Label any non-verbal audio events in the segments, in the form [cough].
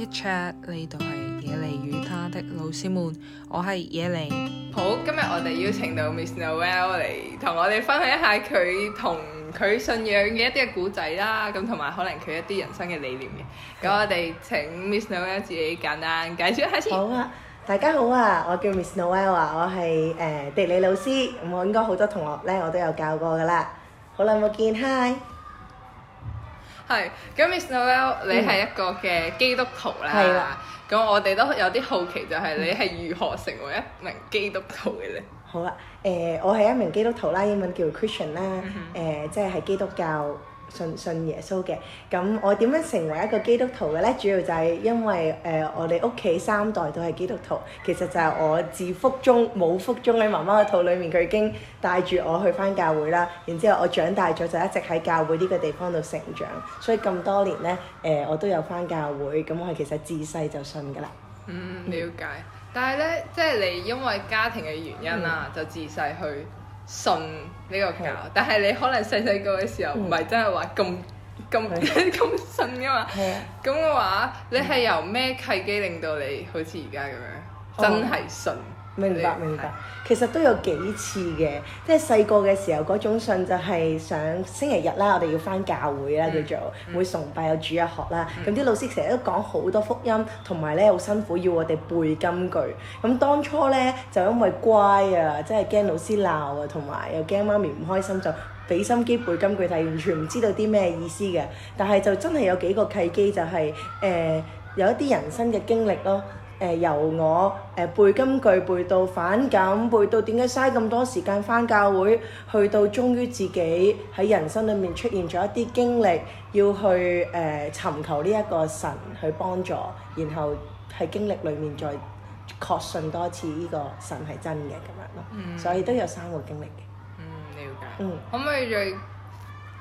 一 check 呢度係野梨與他的老師們，我係野梨。好，今日我哋邀請到 Miss Noel 嚟，同我哋分享一下佢同佢信仰嘅一啲嘅古仔啦。咁同埋可能佢一啲人生嘅理念嘅。咁是我哋請 Miss Noel 自己簡單介紹下先。好啊，大家好啊，我叫 Miss Noel 啊，我係誒地理老師，咁、嗯、我應該好多同學咧，我都有教過噶啦。好耐冇見，Hi。係，咁 Miss Noel 你係一個嘅基督徒啦，咁、嗯啊、我哋都有啲好奇，就係你係如何成為一名基督徒嘅咧？好啦、啊，誒、呃、我係一名基督徒啦，英文叫 Christian 啦、嗯哼，誒即係係基督教。信信耶穌嘅，咁我點樣成為一個基督徒嘅咧？主要就係因為誒、呃，我哋屋企三代都係基督徒，其實就係我自腹中母腹中，喺媽媽嘅肚裡面，佢已經帶住我去返教會啦。然後之後我長大咗就一直喺教會呢個地方度成長，所以咁多年咧誒、呃，我都有返教會。咁我係其實自細就信㗎喇。嗯，瞭解。但係咧，即係你因為家庭嘅原因啦，嗯、就自細去。信呢個教，的但係你可能細細個嘅時候唔係真係話咁咁咁信噶嘛，咁嘅的的話，的你係由咩契機令到你好似而家咁樣的真係信？哦明白明白，其實都有幾次嘅，嗯、即係細個嘅時候嗰種信就係上星期日啦，我哋要返教會啦，叫做會、嗯、崇拜有主日學啦。咁啲、嗯、老師成日都講好多福音，同埋咧好辛苦要我哋背金句。咁當初咧就因為乖啊，真係驚老師鬧啊，同埋又驚媽咪唔開心，就俾心機背金句，但係完全唔知道啲咩意思嘅。但係就真係有幾個契機、就係，就係誒有一啲人生嘅經歷咯。誒、呃、由我誒、呃、背金句背到反感，背到點解嘥咁多時間翻教會，去到終於自己喺人生裏面出現咗一啲經歷，要去誒、呃、尋求呢一個神去幫助，然後喺經歷裏面再確信多次呢個神係真嘅咁樣咯。嗯，所以都有三個經歷嘅。嗯，瞭解。嗯，可唔可以再？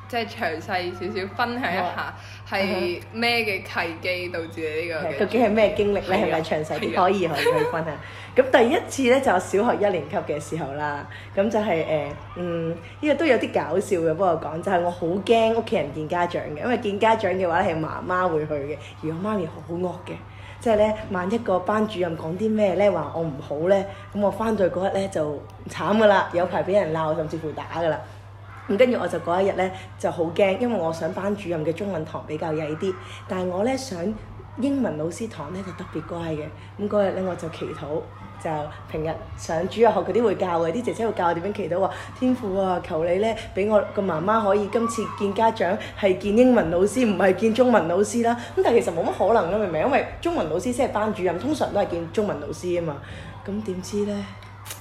即係詳細少少分享一下、oh. uh，係咩嘅契機導致你呢個？Okay. 主究竟係咩經歷咧？係咪詳細啲？可以可以去分享。咁 [laughs] 第一次咧就是、小學一年級嘅時候啦，咁就係、是、誒、呃、嗯，呢、這個都有啲搞笑嘅。不過講就係、是、我好驚屋企人見家長嘅，因為見家長嘅話係媽媽會去嘅，如果媽咪好惡嘅，即係咧萬一個班主任講啲咩咧話我唔好咧，咁我翻到去嗰日咧就慘噶啦，有排俾人鬧甚至乎打噶啦。咁跟住我就嗰一日咧就好驚，因為我上班主任嘅中文堂比較曳啲，但係我咧上英文老師堂咧就特別乖嘅。咁嗰日咧我就祈禱，就平日上主日學嗰啲會教嘅，啲姐姐會教我點樣祈禱。天父啊，求你咧俾我個媽媽可以今次見家長係見英文老師，唔係見中文老師啦。咁但係其實冇乜可能嘅，明唔明？因為中文老師先係班主任，通常都係見中文老師啊嘛。咁點知咧？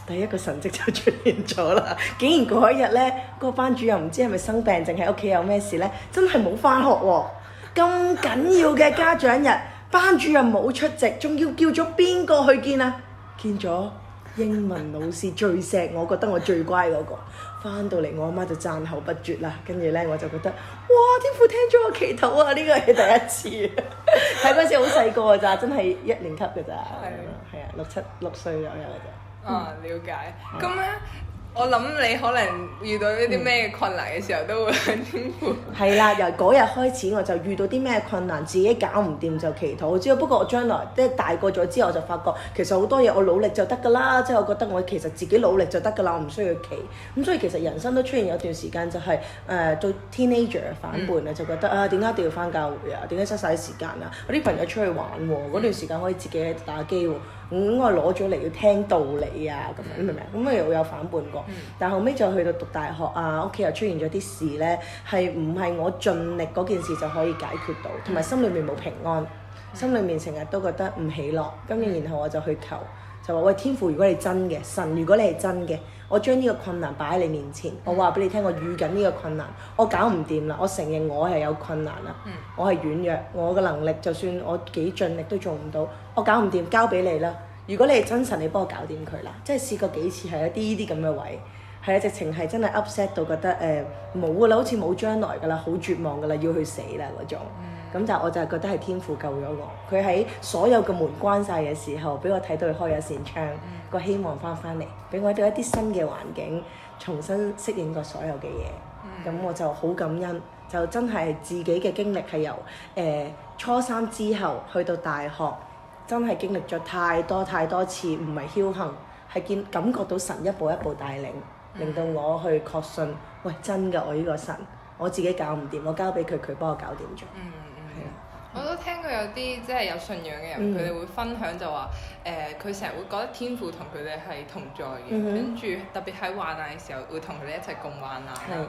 第一個神跡就出現咗啦！ [laughs] 竟然嗰一日呢，嗰個班主任唔知係咪生病，定係屋企有咩事呢？真係冇翻學喎、啊！咁緊要嘅家長日，班主任冇出席，仲要叫咗邊個去見啊？見咗英文老師最錫我，覺得我最乖嗰、嗰個。翻到嚟我阿媽就讚口不絕啦。跟住呢，我就覺得，哇！天父聽咗我祈禱啊！呢個係第一次。睇嗰陣時好細個咋，真係一年級㗎咋，係啊， [laughs] [laughs] 六七六歲左右啊，了解。咁咧、嗯，我諗你可能遇到一啲咩困難嘅時候，都會喺天父。係啦，由嗰日開始我就遇到啲咩困難，自己搞唔掂就祈禱。我知，不過我將來即係大個咗之後我就發覺，其實好多嘢我努力就得㗎啦。即係我覺得我其實自己努力就得㗎啦，我唔需要企。咁所以其實人生都出現有段時間就係誒對 teenager 反叛咧，嗯、就覺得啊點解一定要翻教會啊？點解失曬時間啊？我啲朋友出去玩喎、啊，嗰、嗯、段時間可以自己打機喎、啊。咁、嗯、我攞咗嚟要聽道理啊，咁樣明唔明？咁啊又有反叛過，但後尾就去到讀大學啊，屋企又出現咗啲事咧，係唔係我盡力嗰件事就可以解決到，同埋心裡面冇平安，心裡面成日都覺得唔喜樂，跟住然後我就去求。就話：喂，天父，如果你係真嘅，神，如果你係真嘅，我將呢個困難擺喺你面前，我話俾你聽，我遇緊呢個困難，我搞唔掂啦，我承認我係有困難啦，嗯、我係軟弱，我嘅能力就算我幾盡力都做唔到，我搞唔掂，交俾你啦。如果你係真神，你幫我搞掂佢啦。即係試過幾次，係一啲啲咁嘅位。係啊，直情係真係 upset 到覺得誒冇噶啦，好似冇將來噶啦，好絕望噶啦，要去死啦嗰種。咁但係、嗯、我就係覺得係天父救咗我。佢喺所有嘅門關晒嘅時候，俾我睇到佢開咗一扇窗，個、嗯、希望翻翻嚟，俾我喺到一啲新嘅環境，重新適應過所有嘅嘢。咁、嗯、我就好感恩，就真係自己嘅經歷係由誒、呃、初三之後去到大學，真係經歷咗太多太多次，唔係僥倖，係見感覺到神一步一步帶領。令到我去確信，喂真㗎！我呢個神，我自己搞唔掂，我交俾佢，佢幫我搞掂咗、嗯。嗯嗯嗯。係啦、啊。我都聽過有啲即係有信仰嘅人，佢哋、嗯、會分享就話，誒佢成日會覺得天父同佢哋係同在嘅，跟住、嗯、哼特別喺患難嘅時候會同佢哋一齊共患難。係、嗯。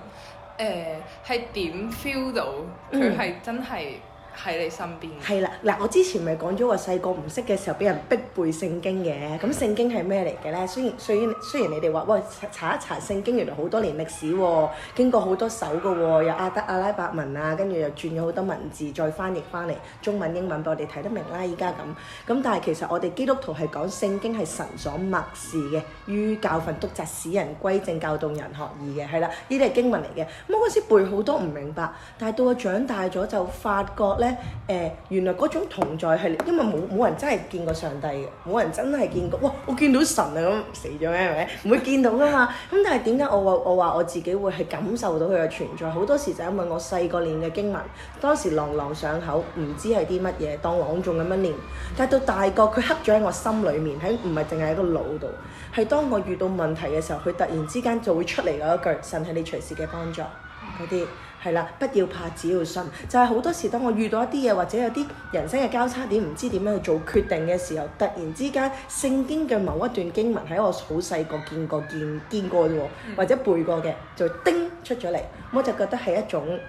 誒係點 feel 到佢係真係、嗯？喺你身邊。係啦，嗱，我之前咪講咗話細個唔識嘅時候俾人逼背聖經嘅，咁聖經係咩嚟嘅咧？雖然雖然雖然你哋話喂查一查聖經，原來好多年歷史喎，經過好多手噶喎，有阿德阿拉伯文啊，跟住又轉咗好多文字再翻譯翻嚟中文英文俾我哋睇得明啦，依家咁。咁但係其實我哋基督徒係講聖經係神所默示嘅，於教訓督責使人歸正教導人學義嘅，係啦，呢啲係經文嚟嘅。咁嗰陣時背好多唔明白，但係到我長大咗就發覺咧。呃、原來嗰種同在係，因為冇冇人真係見過上帝嘅，冇人真係見過，哇！我見到神啊咁死咗咩？係咪？唔會見到噶嘛？咁但係點解我話我話我自己會係感受到佢嘅存在？好多時就係因為我細個念嘅經文，當時朗朗上口，唔知係啲乜嘢，當朗誦咁樣念，但係到大個佢刻咗喺我心裏面，喺唔係淨係喺個腦度，係當我遇到問題嘅時候，佢突然之間就會出嚟嗰一句神係你隨時嘅幫助，嗰啲。係啦，不要怕，只要信。就係、是、好多時，當我遇到一啲嘢，或者有啲人生嘅交叉點，唔知點樣去做決定嘅時候，突然之間聖經嘅某一段經文喺我好細個見過、見見過啫喎，或者背過嘅，就叮出咗嚟，我就覺得係一種誒、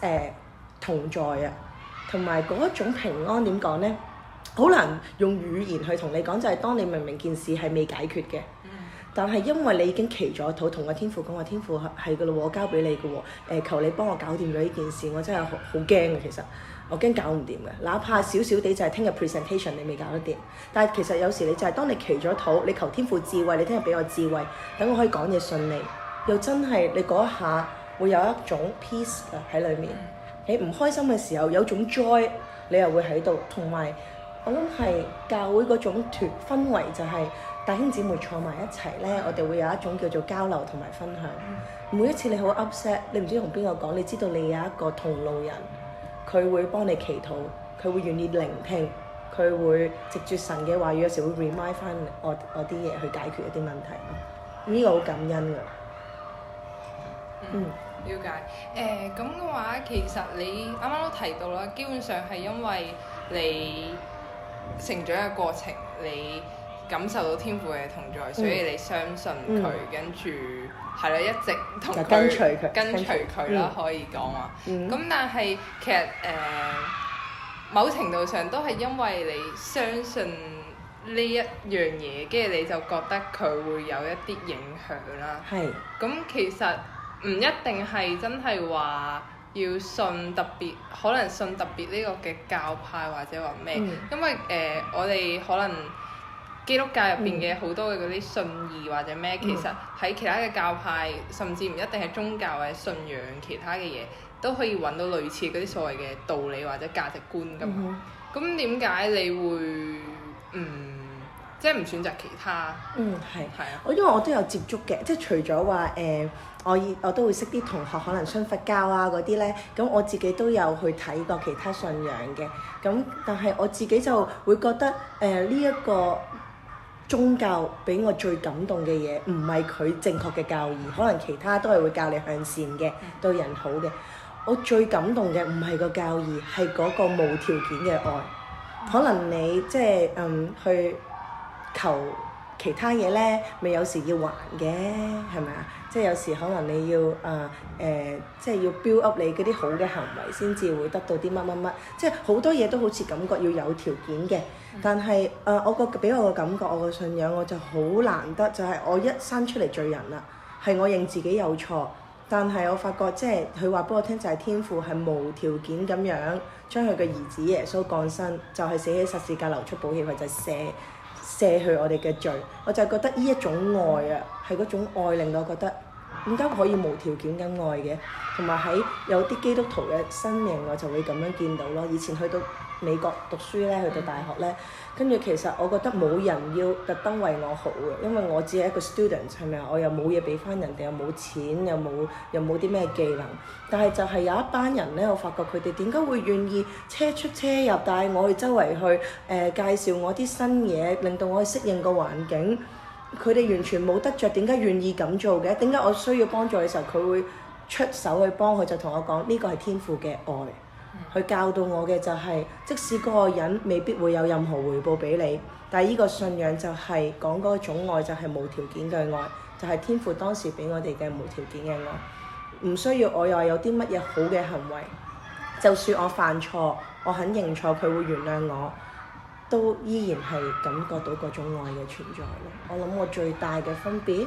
呃、同在啊，同埋嗰一種平安點講呢？好難用語言去同你講，就係、是、當你明明件事係未解決嘅。但係因為你已經祈咗禱，同阿天父講，阿天父係係嘅咯，我交俾你嘅喎，呃，求你幫我搞掂咗呢件事，我真係好驚嘅。其實我驚搞唔掂嘅，哪怕少少啲就係聽日 presentation 你未搞得掂。但係其實有時你就係當你祈咗禱，你求天父智慧，你聽日俾我智慧，等我可以講嘢順利，又真係你嗰一下會有一種 peace 喺裏面。你唔開心嘅時候有種 joy，你又會喺度，同埋我諗係教會嗰種氛圍就係、是。弟兄姊妹坐埋一齊呢，我哋會有一種叫做交流同埋分享。每一次你好 upset，你唔知同邊個講，你知道你有一個同路人，佢會幫你祈禱，佢會願意聆聽，佢會藉住神嘅話語，有時會 remind 翻我我啲嘢去解決一啲問題。呢、這個好感恩噶。嗯，瞭、嗯、解。誒、呃，咁嘅話，其實你啱啱都提到啦，基本上係因為你成長嘅過程，你。感受到天父嘅同在，嗯、所以你相信佢，嗯、跟住係啦，一直同佢跟隨佢，啦，嗯、可以講話。咁、嗯、但係，其實，誒、呃，某程度上都係因為你相信呢一樣嘢，跟住你就覺得佢會有一啲影響啦。係是，咁其實，唔一定係真係話，要信特別，可能信特別呢個嘅教派或者話咩，嗯、因為誒、呃，我哋可能。基督教入邊嘅好多嘅嗰啲信義或者咩，其實喺其他嘅教派，嗯、甚至唔一定係宗教或者信仰其他嘅嘢，都可以揾到類似嗰啲所謂嘅道理或者價值觀噶。咁點解你會唔即係唔選擇其他？嗯，係係啊，我因為我都有接觸嘅，即係除咗話誒我以我都會識啲同學可能信佛教啊嗰啲咧。咁我自己都有去睇過其他信仰嘅。咁但係我自己就會覺得誒呢一個。宗教俾我最感動嘅嘢，唔係佢正確嘅教義，可能其他都係會教你向善嘅，對人好嘅。我最感動嘅唔係個教義，係嗰個無條件嘅愛。可能你即係嗯去求其他嘢咧，咪有時要還嘅，係咪啊？即係有時可能你要啊誒、呃呃，即係要標 u p 你嗰啲好嘅行為，先至會得到啲乜乜乜。即係好多嘢都好似感覺要有條件嘅，但係誒、呃，我個俾我個感覺，我個信仰我就好難得，就係、是、我一生出嚟罪人啦，係我認自己有錯，但係我發覺即係佢話俾我聽，就係、是、天父係無條件咁樣將佢嘅兒子耶穌降生，就係、是、死喺十字架流出保血，或者赦赦去我哋嘅罪。我就係覺得呢一種愛啊，係嗰種愛令到我覺得。點解可以無條件恩愛嘅？同埋喺有啲基督徒嘅身形，我就會咁樣見到咯。以前去到美國讀書咧，去到大學咧，跟住其實我覺得冇人要特登為我好嘅，因為我只係一個 student 係咪啊？我又冇嘢俾翻人哋，又冇錢，又冇又冇啲咩技能。但係就係有一班人咧，我發覺佢哋點解會願意車出車入帶我去周圍去誒介紹我啲新嘢，令到我去適應個環境。佢哋完全冇得着，點解願意咁做嘅？點解我需要幫助嘅時候，佢會出手去幫佢？就同我講呢個係天父嘅愛，佢教導我嘅就係即使個人未必會有任何回報俾你，但係呢個信仰就係講嗰種愛就係無條件嘅愛，就係天父當時俾我哋嘅無條件嘅愛，唔需要我又有啲乜嘢好嘅行為，就算我犯錯，我肯認錯，佢會原諒我。都依然係感覺到嗰種愛嘅存在咯。我諗我最大嘅分別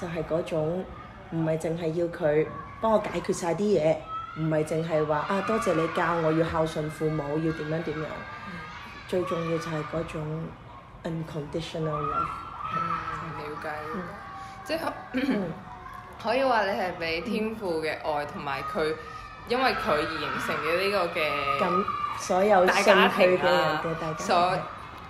就係嗰種，唔係淨係要佢幫我解決晒啲嘢，唔係淨係話啊，多謝你教我要孝順父母，要點樣點樣。嗯、最重要就係嗰種 unconditional love。嗯、了解了，嗯、即係可以話你係俾天父嘅愛同埋佢因為佢而形成嘅呢個嘅。 [coughs] 所有的的大家庭啊，所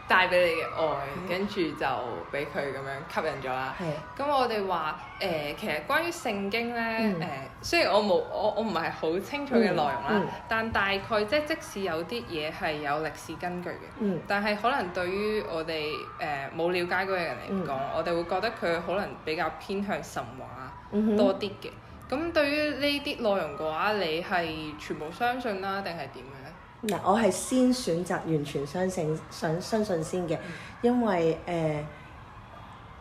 帶俾你嘅愛，跟住、嗯、就俾佢咁樣吸引咗啦。咁是我哋話誒，其實關於聖經咧誒、嗯呃，雖然我冇我我唔係好清楚嘅內容啦，嗯嗯、但大概即即使有啲嘢係有歷史根據嘅，嗯、但係可能對於我哋誒冇瞭解過嘅人嚟講，嗯、我哋會覺得佢可能比較偏向神話多啲嘅。咁、嗯、哼對於呢啲內容嘅話，你係全部相信啦，定係點樣？嗱，我係先選擇完全相信、想相信先嘅，因為誒誒、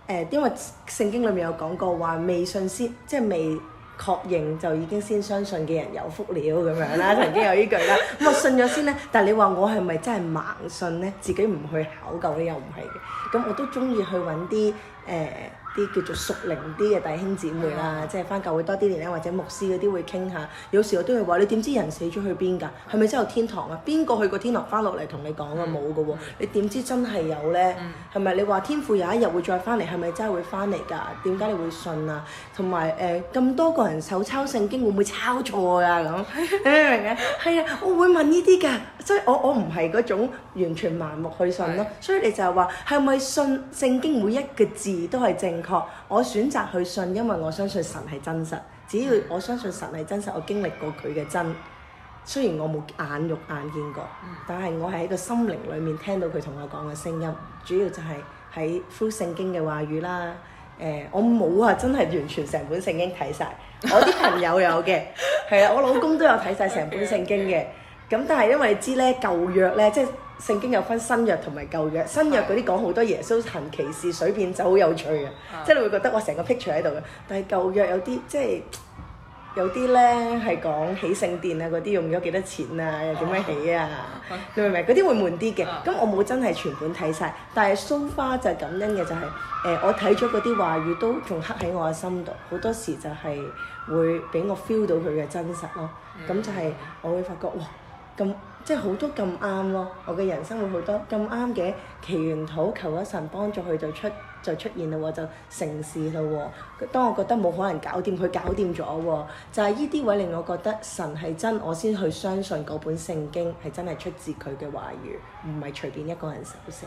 呃，因為聖經裏面有講過話，未信先即係未確認就已經先相信嘅人有福了咁樣啦，曾經有呢句啦。咁啊，信咗先咧，但係你話我係咪真係盲信咧？自己唔去考究咧，又唔係嘅。咁我都鍾意去揾啲誒、呃啲叫做熟齡啲嘅弟兄姊妹啊，的即係翻教會多啲年啦，或者牧師嗰啲會傾下。有時我都會話，你點知人死咗去邊噶，係咪真有天堂啊？邊個去過天堂翻落嚟同你講啊？冇㗎喎！你點知真係有咧？係咪、嗯、你話天父有一日會再翻嚟？係咪真係會翻嚟噶，點解你會信啊？同埋誒咁多個人手抄聖經會唔會抄錯啊？咁你明唔明啊？係啊，我會問呢啲噶，即係我我唔係嗰種完全盲目去信咯。的所以你就係話，係咪信聖經每一個字都係正？我選擇去信，因為我相信神係真實。只要我相信神係真實，我經歷過佢嘅真。雖然我冇眼肉眼見過，但係我喺個心靈裏面聽到佢同我講嘅聲音。主要就係喺呼聖經嘅話語啦。誒、呃，我冇啊，真係完全成本聖經睇晒。我啲朋友有嘅，係啊， [laughs] 我老公都有睇晒成本聖經嘅。咁 Okay. 但係因為知咧舊約咧即係。聖經有分新約同埋舊約，新約嗰啲講好多的耶穌行奇事、水變酒，好有趣啊！的即係你會覺得我成個 picture 喺度嘅。但係舊約有啲即係有啲咧係講起聖殿啊，嗰啲用咗幾多錢啊，又點樣起啊？Oh, 你明唔明？嗰啲、啊、會悶啲嘅。咁我冇真係全本睇晒。但係 so far 就係咁樣嘅，就係、是、誒、呃、我睇咗嗰啲話語都仲刻喺我嘅心度，好多時就係會俾我 feel 到佢嘅真實咯。咁就係我會發覺哇，咁。即係好多咁啱咯，我嘅人生會好多咁啱嘅，祈完禱求一神幫助，佢就出就出現嘞喎，就成事嘞喎。當我覺得冇可能搞掂，佢搞掂咗喎。就係呢啲位令我覺得神係真，我先去相信嗰本聖經係真係出自佢嘅話語，唔係隨便一個人手寫。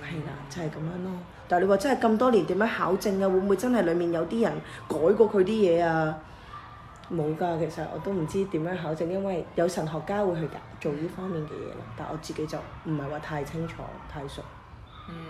係啦、mm hmm.，就係、是、咁樣咯。但係你話真係咁多年點樣考證啊？會唔會真係裡面有啲人改過佢啲嘢啊？冇㗎，其實我都唔知點樣考證，因為有神學家會去做呢方面嘅嘢咯，但我自己就唔係話太清楚、太熟。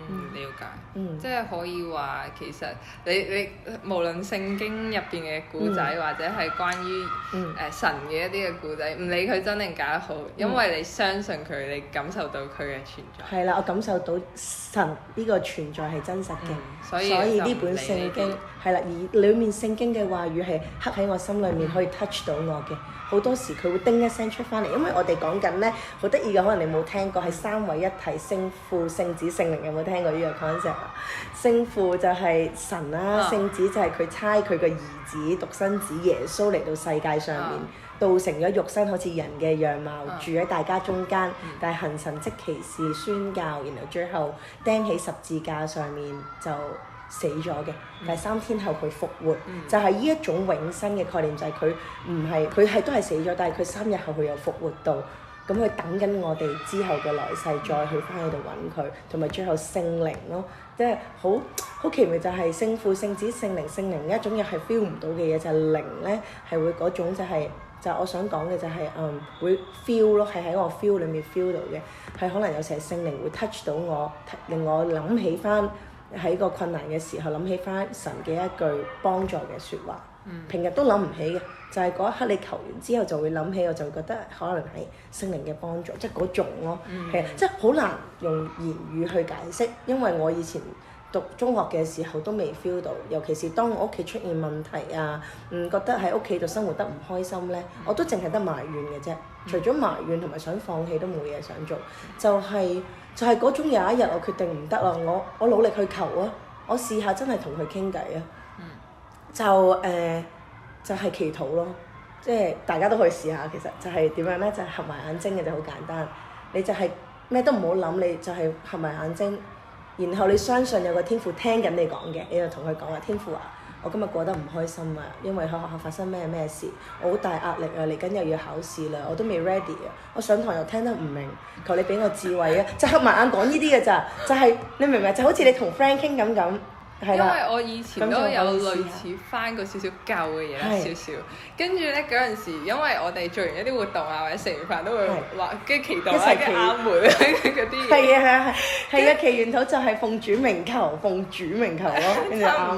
嗯，了解，嗯，即係可以話，其實你你，你無論聖經入邊嘅故仔，嗯、或者係關於誒、嗯呃、神嘅一啲嘅故仔，唔理佢真定假都好，嗯、因為你相信佢，你感受到佢嘅存在。係啦，我感受到神呢個存在係真實嘅、嗯，所以呢本聖經係啦也，而裏面聖經嘅話語係刻喺我心裏面，可以 touch 到我嘅。嗯好多時佢會叮一聲出翻嚟，因為我哋講緊呢，好得意嘅，可能你冇聽過係三位一體，聖父、聖子、聖靈，有冇聽過呢個 concept 啊？聖父就係神啦、啊，聖子就係佢差佢個兒子獨生子耶穌嚟到世界上面，道成咗肉身好似人嘅樣貌，住喺大家中間，但係行神蹟奇事、宣教，然後最後釘喺十字架上面就。死咗嘅，第三天後佢復活，嗯、就係呢一種永生嘅概念，就係佢唔係佢係都係死咗，但係佢三日後佢又復活到，咁佢等緊我哋之後嘅來世再去翻去度揾佢，同埋最後聖靈咯，即係好好奇妙就係、是、聖父、聖子、聖靈、聖靈一種嘢係 feel 唔到嘅嘢，就係靈咧係會嗰種就係、是、就是、我想講嘅就係、是、嗯會 feel 咯 fe fe，係喺我 feel 裏面 feel 到嘅，係可能有時係聖靈會 touch 到我，令我諗起翻。喺個困難嘅時候諗起返神嘅一句幫助嘅説話，嗯、平日都諗唔起嘅，就係、是、嗰一刻你求完之後就會諗起，我就會覺得可能係聖靈嘅幫助，即係嗰種咯、啊，係即係好難用言語去解釋，因為我以前。讀中學嘅時候都未 feel 到，尤其是當我屋企出現問題啊，嗯，覺得喺屋企度生活得唔開心咧，我都淨係得埋怨嘅啫，除咗埋怨同埋想放棄都冇嘢想做，就係就係嗰種有一日我決定唔得啦，我我努力去求啊，我試下真係同佢傾偈啊，就誒就係祈禱咯，即係大家都可以試下，其實就係點樣咧，就係合埋眼睛嘅就好簡單，你就係咩都唔好諗，你就係合埋眼睛。然後你相信有個天父聽緊你講嘅，你就同佢講啊：天父啊，我今日過得唔開心啊，因為喺學校發生咩咩事，我好大壓力啊，嚟緊又要考試啦，我都未 ready 啊，我上堂又聽得唔明，求你俾我智慧啊！就合埋眼講呢啲嘅咋，就係你明唔明？就好似你同 friend 傾緊咁。因為我以前都有類似翻過少少是的 少少舊嘅嘢少少，跟住咧嗰陣時，因為我哋做完一啲活動啊，或者食完飯都會話，跟住期待一齊祈阿門嗰啲。係啊係啊係，係啊祈完土就係奉主名求，奉主名求咯、啊啊，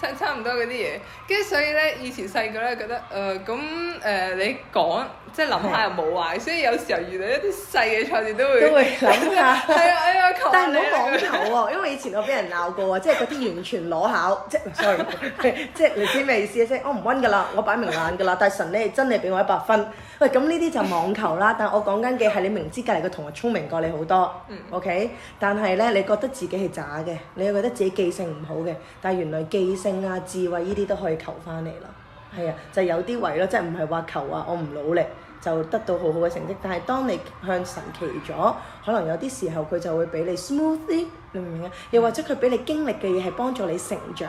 差差唔多嗰啲嘢。跟住所以咧，以前細個咧覺得，誒咁誒你講。即係諗下又冇壞，的所以有時候原來一啲細嘅錯都會都會諗下。係啊係啊，但係唔好網球喎，因為以前我俾人鬧過喎，即係嗰啲完全裸考，即係 sorry，即係你知咩意思啊？即係我唔温㗎啦，我擺明懶㗎啦。但係神咧真係俾我一百分。喂，咁呢啲就網球啦。但我講緊嘅係你明知隔離個同學聰明過你好多，嗯，OK。但係咧，你覺得自己係渣嘅，你又覺得自己記性唔好嘅，但係原來記性啊、智慧呢啲都可以求翻嚟啦。係啊，就係，有啲位咯，即係唔係話求啊，我唔努力就得到好好嘅成績。但係當你向神祈咗，可能有啲時候佢就會俾你 smooth 啲，你明唔明啊？又或者佢俾你經歷嘅嘢係幫助你成長。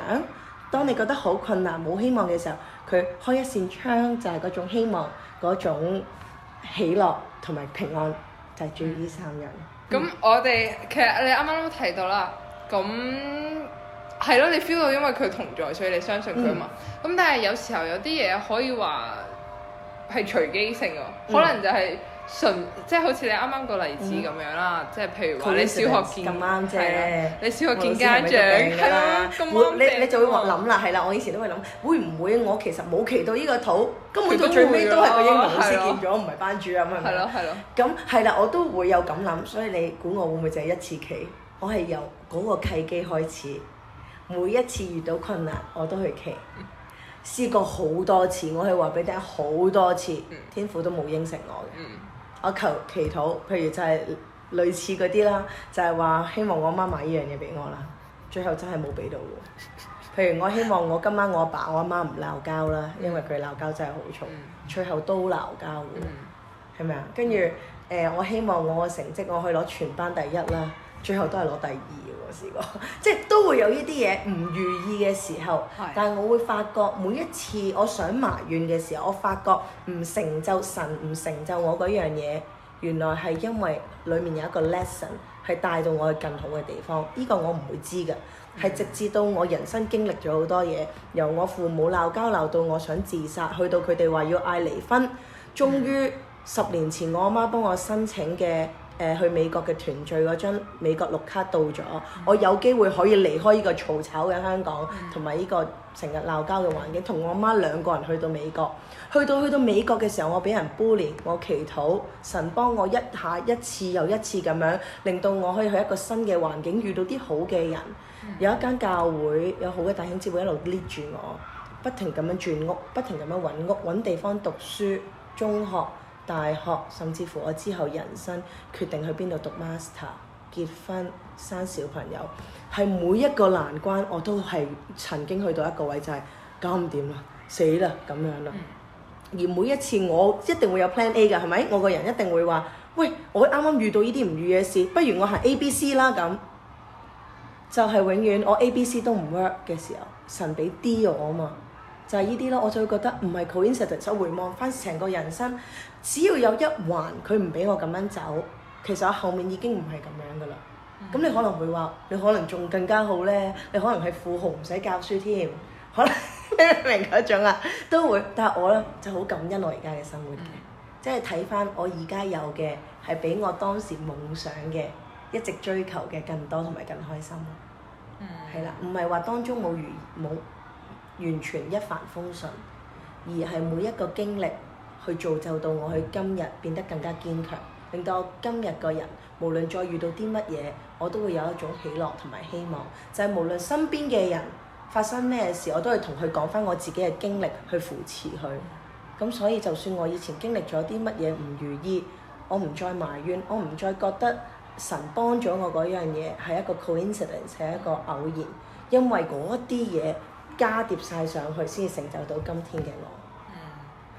當你覺得好困難，冇希望嘅時候，佢開一扇窗就係嗰種希望，嗰種喜樂同埋平安，就係、係，主要呢三樣。咁、嗯、我哋其實你啱啱都提到啦，咁。係咯，你 feel 到因為佢同在，所以你相信佢嘛？咁、嗯、但係有時候有啲嘢可以話係隨機性嘅，嗯、可能就係純即係好似你啱啱個例子咁樣啦，即係、嗯、譬如話你小學見咁啱啫，你小學見家長係啦，係係會你你就會諗啦，係啦，我以前都會諗會唔會我其實冇期到呢個土，根本到最尾都係個英文老師見咗唔係班主啊？係係咯係咯？咁係啦，我都會有咁諗，所以你估我會唔會就係一次期？我係由嗰個契機開始。每一次遇到困難，我都去祈，試過好多次，我去話俾大家好多次，天父都冇應承我嘅。我求祈禱，譬如就係類似啲啦，就係、是、話希望我媽買呢樣嘢俾我啦，最後真係冇俾到嘅。譬如我希望我今晚我阿爸我阿媽唔鬧交啦，因為佢鬧交真係好嘈，最後都鬧交，係咪啊？跟住誒、呃、我希望我嘅成績我去攞全班第一啦，最後都係攞第二。 [laughs] 即係都會有呢啲嘢唔如意嘅時候，是但係我會發覺每一次我想埋怨嘅時候，我發覺唔成就神，唔成就我嗰樣嘢，原來係因為裡面有一個 lesson 係帶到我去更好嘅地方。呢、這個我唔會知嘅，係、嗯、直至到我人生經歷咗好多嘢，由我父母鬧交鬧到我想自殺，去到佢哋話要嗌離婚，終於、嗯、十年前我阿媽幫我申請嘅。誒、呃、去美國嘅團聚嗰張美國綠卡到咗，我有機會可以離開呢個嘈吵嘅香港，同埋呢個成日鬧交嘅環境，同我媽兩個人去到美國。去到去到美國嘅時候，我俾人 bully，我祈禱神幫我一下一次又一次咁樣，令到我可以去一個新嘅環境，遇到啲好嘅人，有一間教會有好嘅弟兄姊妹一路 lead 住我，不停咁樣轉屋，不停咁樣揾屋揾地方讀書，中學。大學甚至乎我之後人生決定去邊度讀 master，結婚生小朋友，係每一個難關我都係曾經去到一個位就係、是、搞唔掂啦，死啦咁樣啦。而每一次我一定會有 plan A 嘅，係咪？我個人一定會話：喂，我啱啱遇到呢啲唔預嘅事，不如我行 A B C 啦咁。就係永遠我 A B C 都唔 work 嘅時候，神俾 D 我啊嘛。就係呢啲咯，我就會覺得唔係 coincidence，所以回望翻成個人生，只要有一環佢唔俾我咁樣走，其實我後面已經唔係咁樣噶啦。咁、mm hmm. 你可能會話，你可能仲更加好咧，你可能係富豪唔使教書添，可能咩明嗰種啊，都會。但係我咧就好感恩我而家嘅生活嘅，即係睇翻我而家有嘅係比我當時夢想嘅一直追求嘅更多同埋更開心。係啦、mm，唔係話當中冇如。冇。完全一帆風順，而係每一個經歷去造就到我去今日變得更加堅強，令到我今日個人無論再遇到啲乜嘢，我都會有一種喜樂同埋希望。就係、是、無論身邊嘅人發生咩事，我都係同佢講返我自己嘅經歷去扶持佢。咁所以就算我以前經歷咗啲乜嘢唔如意，我唔再埋怨，我唔再覺得神幫咗我嗰樣嘢係一個 coincidence 係一個偶然，因為嗰啲嘢。加疊晒上去先至成就到今天嘅我，嗯，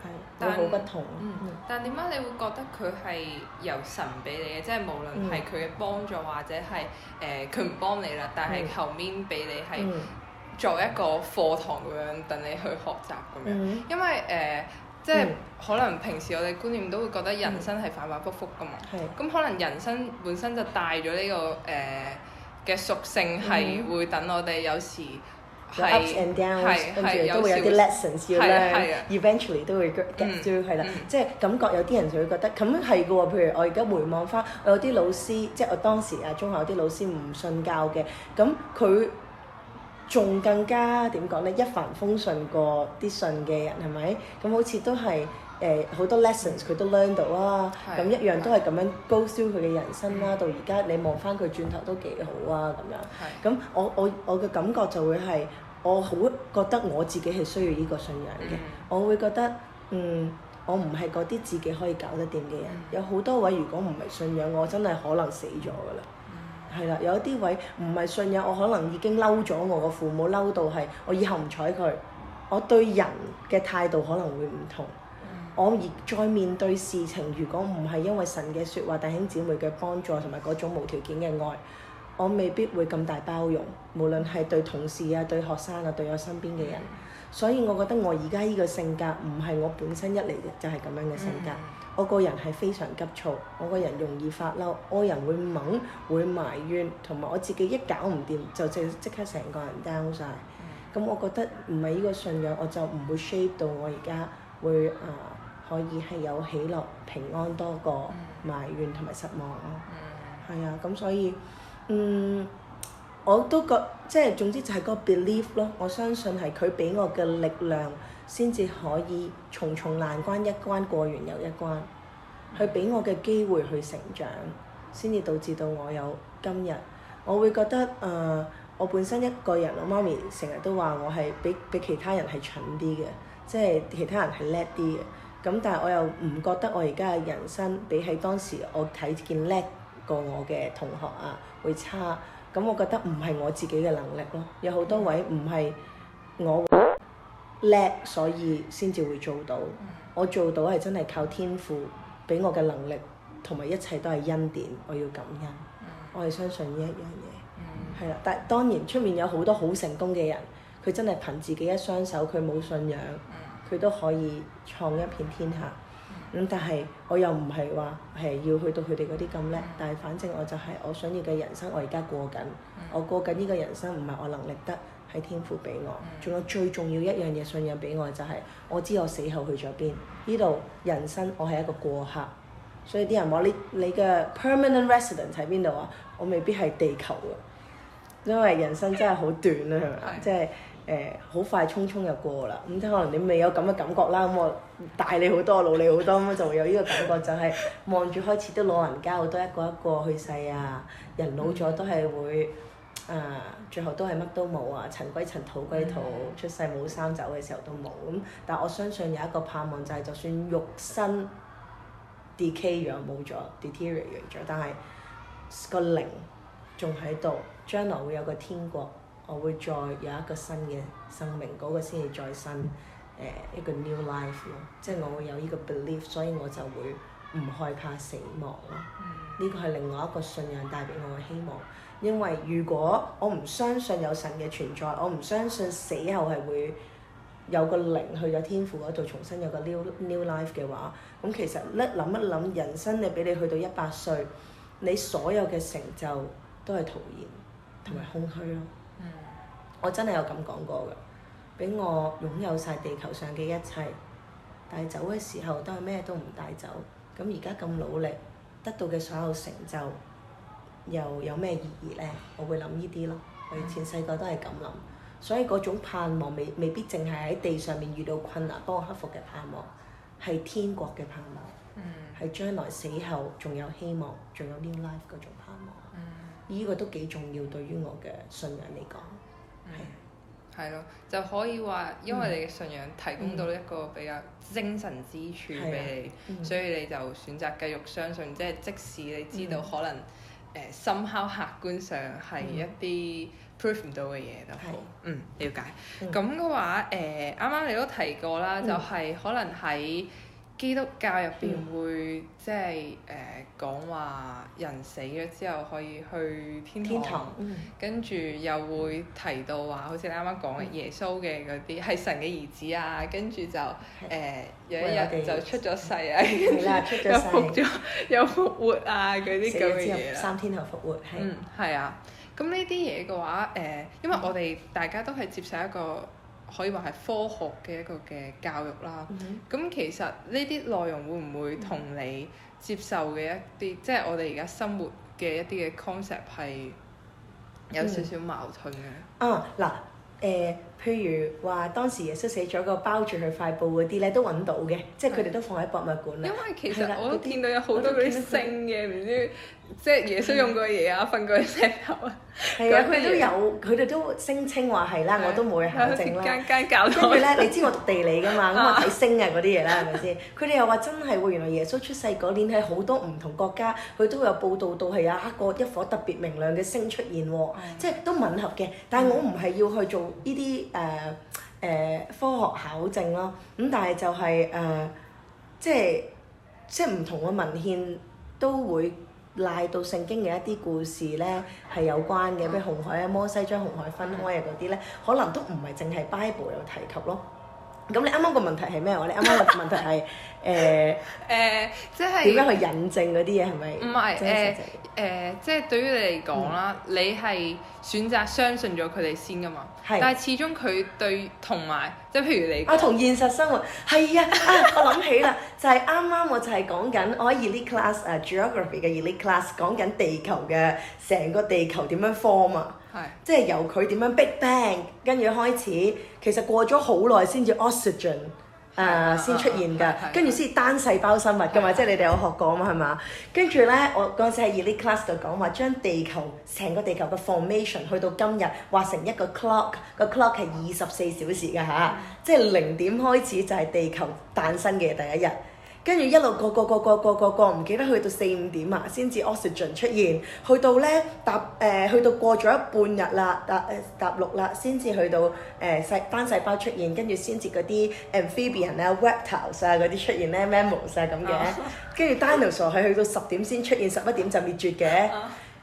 嗯，係會好不同。嗯，但點解你會覺得佢係由神俾你嘅？即、就、係、是、無論係佢嘅幫助，嗯、或者係誒佢唔幫你啦，但係後面俾你係做一個課堂咁樣等、嗯、你去學習咁樣。嗯、哼因為誒，即、呃、係、就是嗯、可能平時我哋觀念都會覺得人生係反反覆覆噶嘛。係、嗯。咁是可能人生本身就帶咗呢、這個誒嘅、呃、屬性，係會等我哋有時。Ups and downs，跟住都會有啲 lessons 要 learn，eventually 都會 go through 係啦，即係感覺有啲人就會覺得咁係嘅喎。譬如我而家回望翻，我有啲老師，即係我當時啊中學有啲老師唔信教嘅，咁佢仲更加點講咧？一帆風順過啲信嘅人係咪？咁好似都係誒好多 lessons 佢都 learn 到啦，咁一樣都係咁樣 go through 佢嘅人生啦。到而家你望翻佢轉頭都幾好啊，咁樣。咁我我我嘅感覺就會係。我好覺得我自己係需要呢個信仰嘅，我會覺得，嗯，我唔係嗰啲自己可以搞得掂嘅人，有好多位如果唔係信仰我，我真係可能死咗噶啦。係啦，有一啲位唔係信仰我，我可能已經嬲咗我個父母，嬲到係我以後唔睬佢，我對人嘅態度可能會唔同。我而再面對事情，如果唔係因為神嘅説話、弟兄姊妹嘅幫助同埋嗰種無條件嘅愛。我未必會咁大包容，無論係對同事啊、對學生啊、對我身邊嘅人，所以我覺得我而家呢個性格唔係我本身一嚟就係、是、咁樣嘅性格。嗯、我個人係非常急躁，我個人容易發嬲，我個人會猛、會埋怨，同埋我自己一搞唔掂就即即刻成個人 down 晒。咁、嗯、我覺得唔係呢個信仰，我就唔會 shape 到我而家會誒、呃、可以係有喜樂、平安多過埋怨同埋失望咯。係、嗯、啊，咁所以。嗯，我都覺，即係總之就係個 belief 咯，我相信係佢俾我嘅力量先至可以重重難關一關過完又一關，佢俾我嘅機會去成長先至導致到我有今日。我會覺得誒、呃，我本身一個人，我媽咪成日都話我係比比其他人係蠢啲嘅，即係其他人係叻啲嘅，咁但係我又唔覺得我而家嘅人生比起當時我睇見叻。個我嘅同學啊，會差，咁我覺得唔係我自己嘅能力咯，有好多位唔係我叻，所以先至會做到。我做到係真係靠天賦，俾我嘅能力同埋一切都係恩典，我要感恩。我係相信呢一樣嘢，係啦。但當然出面有好多好成功嘅人，佢真係憑自己一雙手，佢冇信仰，佢都可以創一片天下。咁但係我又唔係話係要去到佢哋嗰啲咁叻，但係反正我就係我想要嘅人生，我而家過緊，我過緊呢個人生唔係我能力得，係天賦俾我，仲有最重要一樣嘢，信仰俾我，就係我知我死後去咗邊，呢度人生我係一個過客，所以啲人話你你嘅 permanent resident 喺邊度啊？我未必係地球啊，因為人生真係好短啊，係咪？即係。誒好、欸、快匆匆就過啦，咁可能你未有咁嘅感覺啦，咁我大你好多，老你好多，咁就會有呢個感覺， [laughs] 就係望住開始啲老人家好多一個一個去世啊，人老咗都係會啊、呃，最後都係乜都冇啊，塵歸塵土歸土，mm hmm. 出世冇衫走嘅時候都冇，咁但我相信有一個盼望就係、是、就算肉身 decay 咗冇咗 deteriorate 咗，mm hmm. 但係個靈仲喺度，將來會有個天國。我會再有一個新嘅生命，嗰個先至再生誒一個 new life 咯。即係我會有呢個 belief，所以我就會唔害怕死亡咯。呢個係另外一個信仰帶俾我嘅希望。因為如果我唔相信有神嘅存在，我唔相信死後係會有個靈去咗天父嗰度重新有個 new new life 嘅話，咁其實咧諗一諗人生，你俾你去到一百歲，你所有嘅成就都係徒然同埋空虛咯。我真係有咁講過嘅，俾我擁有晒地球上嘅一切，帶走嘅時候都係咩都唔帶走。咁而家咁努力得到嘅所有成就，又有咩意義咧？我會諗呢啲咯。我以前細個都係咁諗，所以嗰種盼望未未必淨係喺地上面遇到困難幫我克服嘅盼望，係天國嘅盼望，係將來死後仲有希望、仲有 new life 嗰種盼望。呢、呢個都幾重要，對於我嘅信仰嚟講。係，係咯，就可以話，因為你嘅信仰提供到一個比較精神支柱俾你，的所以你就選擇繼續相信，即、就、係、是、即使你知道可能誒深究客觀上係一啲 prove 唔到嘅嘢都好，的嗯，瞭解。咁嘅、嗯、話，誒啱啱你都提過啦，嗯、就係可能喺。基督教入邊會即係誒講話人死咗之後可以去天堂，天堂，嗯、跟住又會提到話，好似你啱啱講嘅耶穌嘅嗰啲係神嘅兒子啊，跟住就誒的、呃、有一日就出咗世啊，的 [laughs] 又復咗了 [laughs] 又復活啊，嗰啲咁嘅嘢，三天後復活係，嗯、係啊，咁呢啲嘢嘅話誒、呃，因為我哋、嗯、大家都係接受一個。可以話係科學嘅一個嘅教育啦。咁、mm hmm. 其實呢啲內容會唔會同你接受嘅一啲，mm hmm. 即係我哋而家生活嘅一啲嘅 concept 係有少少矛盾嘅？啊、mm，嗱、hmm. uh，誒、huh. 呃，譬如話當時耶穌寫咗個包住佢塊布嗰啲咧，都揾到嘅，hmm. 即係佢哋都放喺博物館啦。因為其實我都見到有好多啲性嘅唔知。即係耶穌用過嘢、嗯、啊，瞓過石頭啊，係啊，佢哋都有，佢哋都聲稱話係啦，啊、我都冇去考證啦，街街教。跟住咧，你知我讀地理㗎嘛？咁 [laughs] 我睇星啊嗰啲嘢啦，係咪先？佢哋 [laughs] 又話真係喎，原來耶穌出世嗰年喺好多唔同國家，佢都有報道到係有一個一顆特別明亮嘅星出現喎，即係、嗯、都吻合嘅。但係我唔係要去做呢啲誒誒科學考證咯。咁但係就係、是、誒、呃，即係即係唔同嘅文獻都會。賴到聖經嘅一啲故事咧，係有關嘅，譬如紅海啊、摩西將紅海分開啊嗰啲咧，可能都唔係淨係 Bible 有提及咯。咁你啱啱個問題係咩？我哋啱啱個問題係誒誒，即係點樣去引證嗰啲嘢係咪？唔係誒誒，即係對於你嚟講啦，嗯、你係選擇相信咗佢哋先噶嘛？係是。但係始終佢對同埋即係譬如你啊，同現實生活係 [laughs] 啊！我諗起啦，就係啱啱我就係講緊我喺 elite class 啊、uh，geography 嘅 elite class 講緊地球嘅成個地球點樣 form 啊！即係由佢點樣 Big Bang 跟住開始，其實過咗好耐先至 Oxygen 誒先出現㗎，跟住先單細胞生物㗎嘛，uh, 即係你哋有學過啊嘛係嘛？跟住咧，我嗰陣時喺 Yearly Class 度講話將地球成個地球嘅 Formation 去到今日畫成一個 clock，個 clock 係二十四小時㗎吓，即係零點開始就係地球誕生嘅第一日。跟住一路過過過過過過過，唔記得去到四五點啊，先至 oxygen 出現。去到咧搭誒，去到過咗一半日啦，搭誒搭六啦，先至去到誒細單細胞出現，跟住先至嗰啲 amphibian 咧、reptiles 啊嗰啲出現咧、mammals 啊咁嘅。跟住 dinosaur 係去到十點先出現，十一點就滅絕嘅。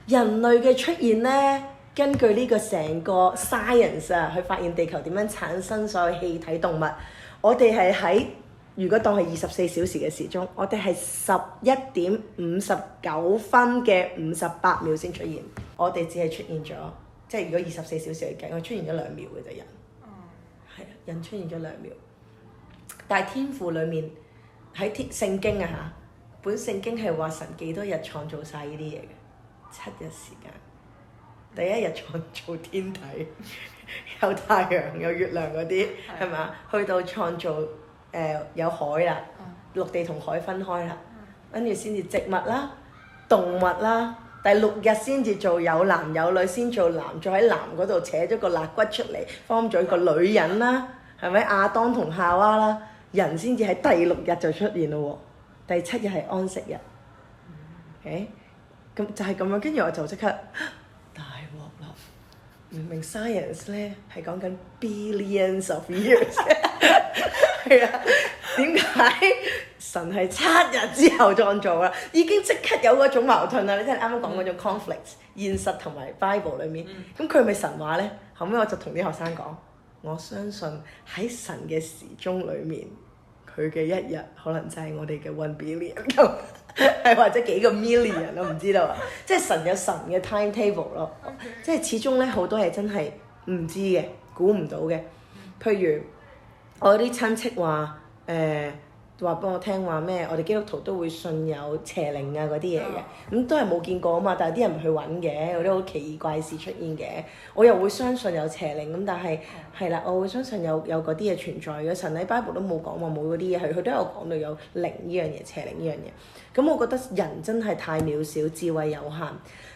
人類嘅出現咧，根據呢個成個 science 啊，去發現地球點樣產生所有氣體動物。我哋係喺。如果當係二十四小時嘅時鐘，我哋係十一點五十九分嘅五十八秒先出現，我哋只係出現咗，即係如果二十四小時嚟計，我出現咗兩秒嘅啫人，係人出現咗兩,、嗯、兩秒，但係天父裡面喺天聖經啊嚇，嗯、本聖經係話神幾多日創造晒呢啲嘢嘅，七日時間，第一日創造天體， [laughs] 有太陽有月亮嗰啲係咪，去到創造。誒有海啦，陸地同海分開啦，跟住先至植物啦、動物啦，第六日先至做有男有女，先做男，再喺男嗰度扯咗個肋骨出嚟，放咗個女人啦，係咪亞當同夏娃啦？人先至喺第六日就出現咯喎，第七日係安息日，誒，咁就係咁樣，跟住我就即刻。明明 science 咧係講緊 billions of years，係 [laughs] 啊，點解神係七日之後創造啦？已經即刻有嗰種矛盾啦！你聽啱啱講嗰種 conflict，現實同埋 Bible 裏面，咁佢係咪神話咧？ [laughs] 後尾我就同啲學生講，我相信喺神嘅時鐘裡面，佢嘅一日可能就係我哋嘅 one billion。係 [laughs] 或者幾個 million 啊，唔知道啊， [laughs] 即係神有神嘅 timetable 咯，Okay. 即係始終咧好多嘢真係唔知嘅，估唔到嘅。譬如我啲親戚話，誒話俾我聽話咩，我哋基督徒都會信有邪靈啊嗰啲嘢嘅，咁、嗯、都係冇見過啊嘛，但係啲人唔去揾嘅，有啲好奇異怪事出現嘅，我又會相信有邪靈咁，但係。Okay. 係啦，我會相信有有嗰啲嘢存在嘅。神喺 Bible 都冇講話冇嗰啲嘢，佢佢都有講到有靈呢樣嘢，邪靈呢樣嘢。咁我覺得人真係太渺小，智慧有限，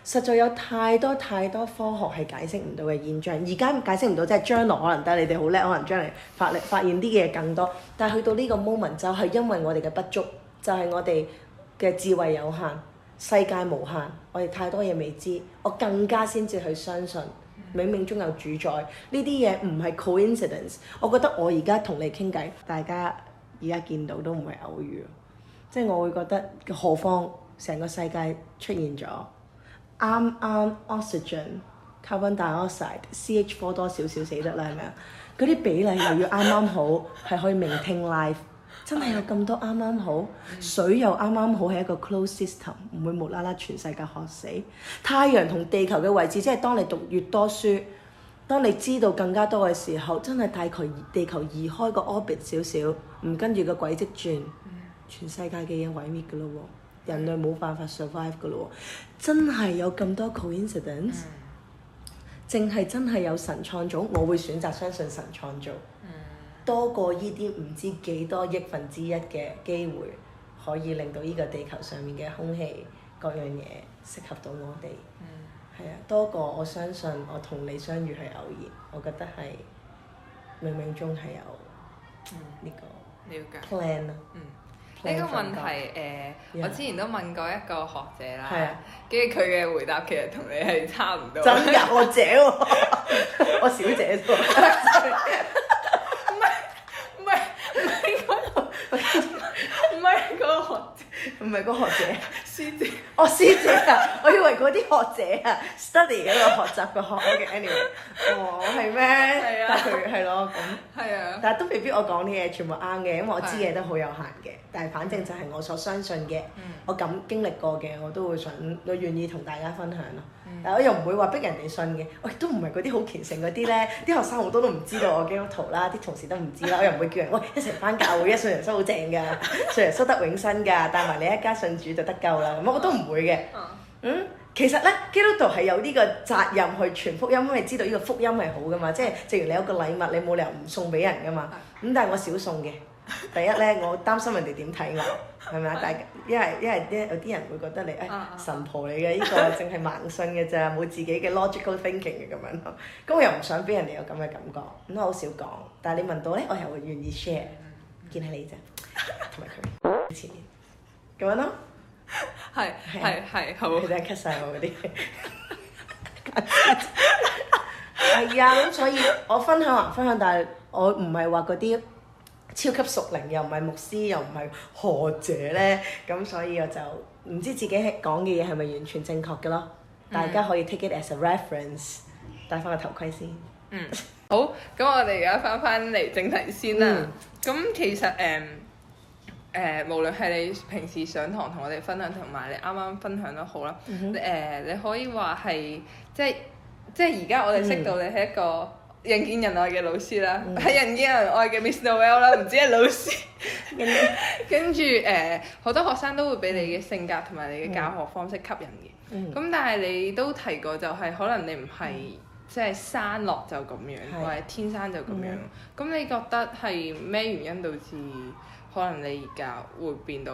實在有太多太多科學係解釋唔到嘅現象。而家解釋唔到，即係將來可能得你哋好叻，可能將嚟發力發現啲嘢更多。但係去到呢個 moment 就係因為我哋嘅不足，就係我哋嘅智慧有限，世界無限，我哋太多嘢未知，我更加先至去相信。冥冥中有主宰，呢啲嘢唔係 coincidence。我覺得我而家同你傾偈，大家而家見到都唔係偶遇，即係我會覺得何況成個世界出現咗啱啱 oxygen、carbon dioxide、CH4 多少少死得啦，係咪啊？嗰啲比例又要啱啱好，係 [laughs] 可以 maintain life。真係有咁多啱啱好，水又啱啱好係一個 closed system，唔會無啦啦全世界渴死。太陽同地球嘅位置，即係當你讀越多書，當你知道更加多嘅時候，真係大概地球移開個 orbit 少少，唔跟住個軌跡轉，全世界嘅嘢毀滅㗎咯喎，人類冇辦法 survive 㗎咯喎，真係有咁多 coincidence，淨係真係有神創造，我會選擇相信神創造。多過依啲唔知幾多億分之一嘅機會，可以令到呢個地球上面嘅空氣各樣嘢適合到我哋。嗯。係啊，多過我相信我同你相遇係偶然，我覺得係冥冥中係有呢個 plan 咯。嗯。呢、呢個嗯、個問題誒，加呃、我之前都問過一個學者啦。係啊。跟住佢嘅回答其實同你係差唔多。真㗎，我姐喎， [laughs] 我小姐姐唔係嗰個，唔係嗰個學，唔係嗰個學姐。師姐，我師姐啊，我以為嗰啲學者啊，study 喺度學習個學嘅 anyway 哦，係咩？啊，係係咯，咁，啊。但係都未必我講啲嘢全部啱嘅，因為我知嘢都好有限嘅。但係反正就係我所相信嘅，我咁經歷過嘅，我都會想，我願意同大家分享咯。但係我又唔會話逼人哋信嘅。喂，都唔係嗰啲好虔誠嗰啲咧，啲學生好多都唔知道我基督徒啦，啲同事都唔知啦。我又唔會叫人，喂，一齊翻教會，一信耶穌好正㗎，信耶穌得永生㗎，帶埋你一家信主就得救。我都唔會嘅。嗯，其實咧，基督徒係有呢個責任去傳福音，因為知道呢個福音係好㗎嘛。即係，正如你有個禮物，你冇理由唔送俾人㗎嘛。咁但係我少送嘅。第一咧，我擔心人哋點睇我，係咪啊？但係一係一係啲有啲人會覺得你啊、哎、神婆嚟嘅，呢、呢個淨係盲信嘅咋，冇自己嘅 logical thinking 嘅咁樣咯。咁我又唔想俾人哋有咁嘅感覺，咁我好少講。但係你問到咧，我又會願意 share。見下你咋，同埋佢前面咁樣咯。係係係好，你哋 cut 晒我嗰啲。係啊，咁所以我分享啊，分享，但係我唔係話嗰啲超級熟靈，又唔係牧師，又唔係學者咧。咁所以我就唔知自己係講嘅嘢係咪完全正確嘅咯。大家可以 take it as a reference，戴翻個頭盔先。嗯，好，咁我哋而家翻翻嚟整體先啦。咁、嗯、其實誒。Um, 誒，無論係你平時上堂同我哋分享，同埋你啱啱分享都好啦。誒，你可以話係即係即係而家我哋識到你係一個人見人愛嘅老師啦，係人見人愛嘅 Miss Noel 啦，唔知係老師。跟住誒，好多學生都會俾你嘅性格同埋你嘅教學方式吸引嘅。咁但係你都提過，就係可能你唔係即係生落就咁樣，或者天生就咁樣。咁你覺得係咩原因導致？可能你而家會變到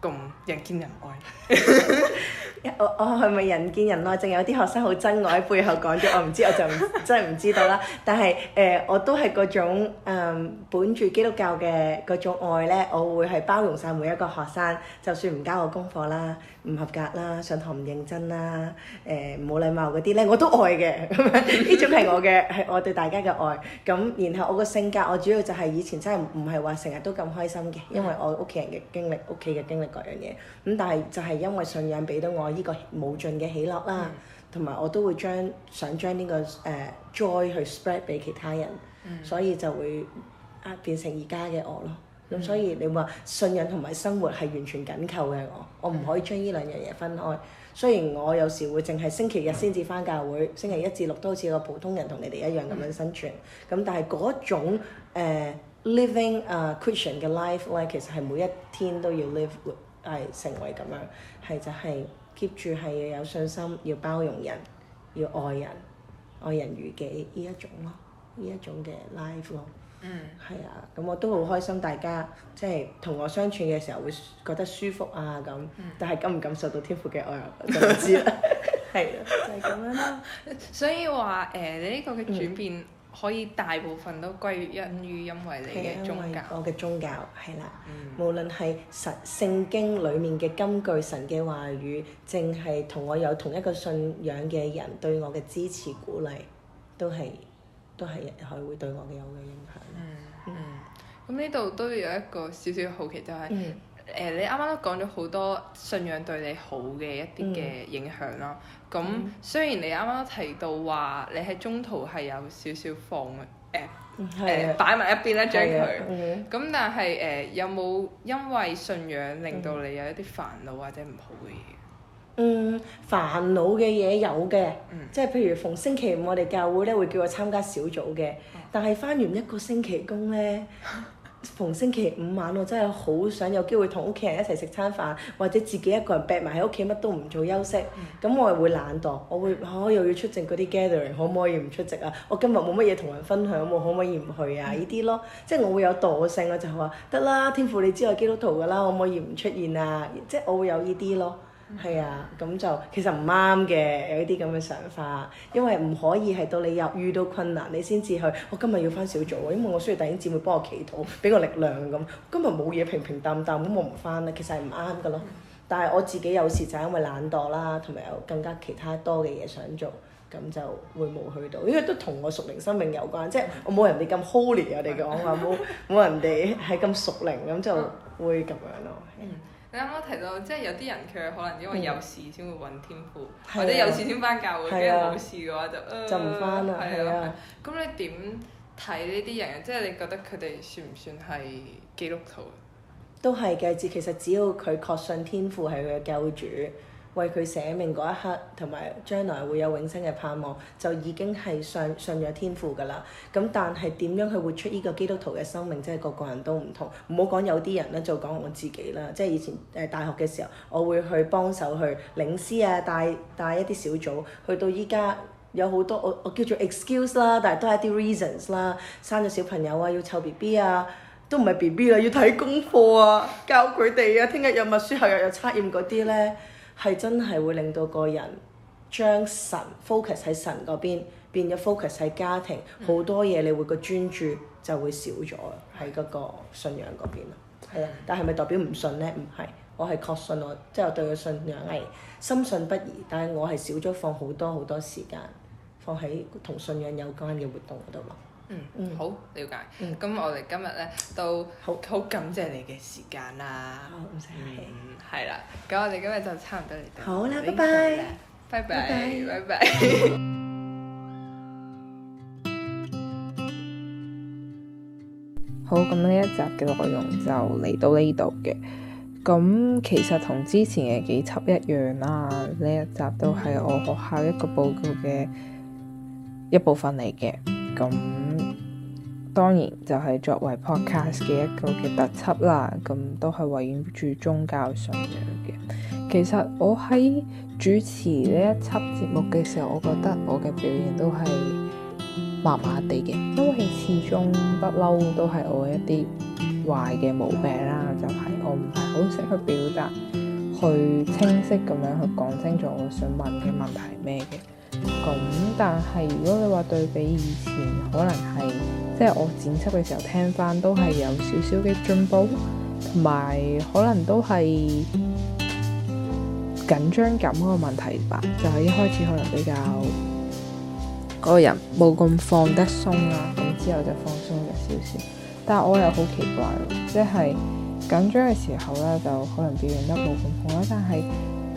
咁人見人愛，我我係咪人見人愛？仲有啲學生好憎我喺背後講咗，我唔知，我就真係唔知道啦。但係誒、呃，我都係嗰種、嗯、本住基督教嘅嗰種愛咧，我會係包容晒每一個學生，就算唔交我功課啦。唔合格啦，上堂唔認真啦，誒、呃、冇禮貌嗰啲咧，我都愛嘅，呢 [laughs] 種係我嘅，係 [laughs] 我對大家嘅愛。咁然後我個性格，我主要就係以前真係唔係話成日都咁開心嘅，因為我屋企人嘅經歷、屋企嘅經歷各樣嘢。咁但係就係因為信仰俾到我呢個無盡嘅喜樂啦，同埋、mm hmm. 我都會將想將呢、這個誒、呃、joy 去 spread 俾其他人，mm hmm. 所以就會啊變成而家嘅我咯。咁、嗯、所以你話信任同埋生活係完全緊扣嘅，我我唔可以將呢兩樣嘢分開。雖然我有時會淨係星期日先至翻教會，星期一至六都好似個普通人同你哋一樣咁樣生存。咁、嗯嗯嗯、但係嗰種、呃、living 啊、uh, Christian 嘅 life 咧，其實係每一天都要 live 係成為咁樣，係就係 keep 住係要有信心，要包容人，要愛人，愛人如己呢一種咯，呢一種嘅 life 咯。嗯，係啊，咁我都好開心，大家即係同我相處嘅時候會覺得舒服啊咁，嗯、但係感唔感受到天父嘅愛又唔知啦。係、 [laughs] [laughs] 啊、就係、係、咁樣咯、啊，所以話誒、呃，你呢個嘅轉變可以大部分都歸因於因為你嘅宗教，啊、我嘅宗教係啦，啊嗯、無論係神聖經裡面嘅金句、神嘅話語，淨係同我有同一個信仰嘅人對我嘅支持鼓勵，都係。都係佢會對我嘅有嘅影響。嗯，咁呢度都有一個少少好奇，就係、是、誒、嗯呃、你啱啱都講咗好多信仰對你好嘅一啲嘅影響囉。咁、嗯、雖然你啱啱都提到話你喺中途係有少少放誒誒、呃的呃、擺埋一邊咧將佢，咁的但係誒、呃、有冇因為信仰令到你有一啲煩惱或者唔好嘅嘢？嗯，煩惱嘅嘢有嘅，嗯、即係譬如逢星期五我哋教會咧會叫我參加小組嘅，但係翻完一個星期工咧， [laughs] 逢星期五晚我真係好想有機會同屋企人一齊食餐飯，或者自己一個人逼埋喺屋企乜都唔做休息，咁、嗯、我係會懶惰，我會哦又要出席嗰啲 gathering，可唔可以唔出席啊？我今日冇乜嘢同人分享，我可唔可以唔去啊？呢啲、嗯、咯，即係我會有惰性，我就話得啦，天父你知我基督徒噶啦，可唔可以唔出現啊？即係我會有呢啲咯。係啊，咁就其實唔啱嘅有啲咁嘅想法，因為唔可以係到你入遇到困難你先至去，我今日要翻小組，因為我需要弟兄姊妹幫我祈禱，俾個力量咁，今日冇嘢平平淡淡咁我唔翻啦，其實係唔啱㗎咯。但係我自己有時就係因為懶惰啦，同埋有更加其他多嘅嘢想做，咁就會冇去到，因為都同我屬靈生命有關，即係我冇人哋咁 holy 我哋講話，冇冇人哋係咁屬靈，咁就會咁樣咯。 [laughs] [laughs] 啱啱提到，即係有啲人佢可能因為有事先會揾天父，的或者有事先返教會，跟住冇事嘅話就，呃、就唔返啦。係啊，咁你點睇呢啲人啊？即係你覺得佢哋算唔算係基督徒啊？都係嘅，只其實只要佢確信天父係佢嘅救主。為佢寫命嗰一刻，同埋將來會有永生嘅盼望，就已經係上、上咗天父㗎啦。咁但係點樣去活出呢個基督徒嘅生命，真係個個人都唔同。唔好講有啲人啦，就講我自己啦，即係以前誒、呃、大學嘅時候，我會去幫手去，去領詩啊，帶帶一啲小組。去到依家有好多我我叫做 excuse 啦，但係都係啲 reasons 啦。生咗小朋友啊，要湊 B B 啊，都唔係 B B 啦，要睇功課啊，教佢哋啊，聽日有默書，後日有測驗嗰啲咧。係真係會令到個人將神 focus 喺神嗰邊，變咗 focus 喺家庭，好、嗯、多嘢你會、個專注就會少咗喺嗰個信仰嗰邊咯。係啊，但係咪代表唔信咧？唔係、嗯，我係確信我即係我對個信仰係深信不疑，但係我係少咗放好多好多時間放喺同信仰有關嘅活動嗰度咯。嗯，嗯，好了解。嗯，咁我哋今日咧都好好感謝你嘅時間啦。唔使，係啦。咁我哋今日就差唔多嚟到好啦，拜拜，拜拜，拜拜。 [laughs] 好，咁呢一集嘅內容就嚟到呢度嘅。咁其實同之前嘅幾輯一樣啦，呢一集都係我學校一個報告嘅一部分嚟嘅。咁當然就係作為 podcast 嘅一個嘅特輯啦，咁都係圍繞住宗教信仰嘅。其實我喺主持呢一輯節目嘅時候，我覺得我嘅表現都係麻麻地嘅，因為始終不嬲都係我一啲壞嘅毛病啦，就係我唔係好識去表達，去清晰咁樣去講清楚我想問嘅問題係咩嘅。咁但係如果你話對比以前，可能係即係我剪輯嘅時候聽翻，都係有少少嘅進步，同埋可能都係緊張感嗰個問題吧。就係、是、一開始可能比較、嗯、個人冇咁放得鬆啦，咁之後就放鬆咗少少。但係我又好奇怪，即係緊張嘅時候咧，就可能表現得冇咁好啦。但係。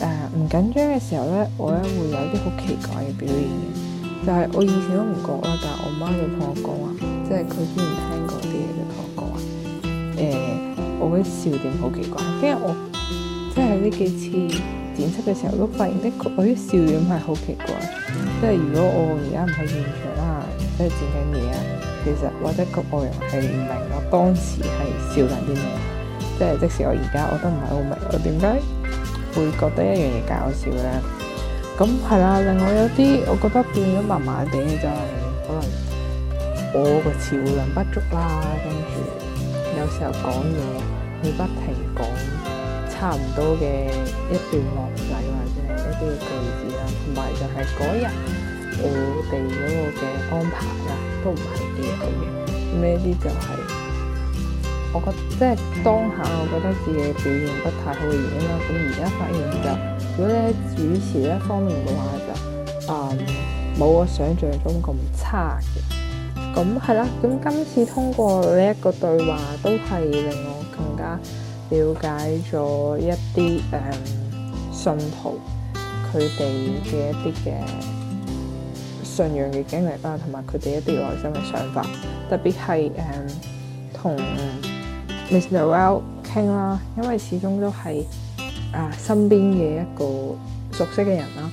誒，唔緊張嘅時候咧，我咧會有啲好奇怪嘅表現嘅，就係我以前都唔覺啦，但係我媽就同我講話，即係佢之前聽過啲嘢就同我講話，誒、呃，我啲笑點好奇怪，因為我即係呢幾次剪輯嘅時候都發現呢，我啲笑點係好奇怪，即係如果我而家唔喺現場啦、啊,即係剪緊嘢啊，其實或者個外人係唔明我當時係笑緊啲咩，即係即使我而家我都唔係好明，我點解？會覺得一樣嘢搞笑啦。咁係啦，令我有啲，我覺得變咗麻麻地，就係可能我個詞彙量不足啦，跟住有時候講嘢會不停講差唔多嘅一段落仔或者係一啲句子啊，同埋就係嗰日我哋嗰個嘅安排啊，都唔係幾好嘅，呢啲就係。我覺得即係當下，我覺得自己表現不太好嘅原因啦。咁而家發現就，如果你主持呢方面嘅話就，誒、嗯、冇我想象中咁差嘅。咁係啦，咁今次通過呢一個對話，都係令我更加了解咗一啲誒、嗯、信徒佢哋嘅一啲嘅信仰嘅經歷啦，同埋佢哋一啲內心嘅想法，特別係誒同。嗯 Miss Noel 傾啦，因為始終都係誒、啊、身邊嘅一個熟悉嘅人啦。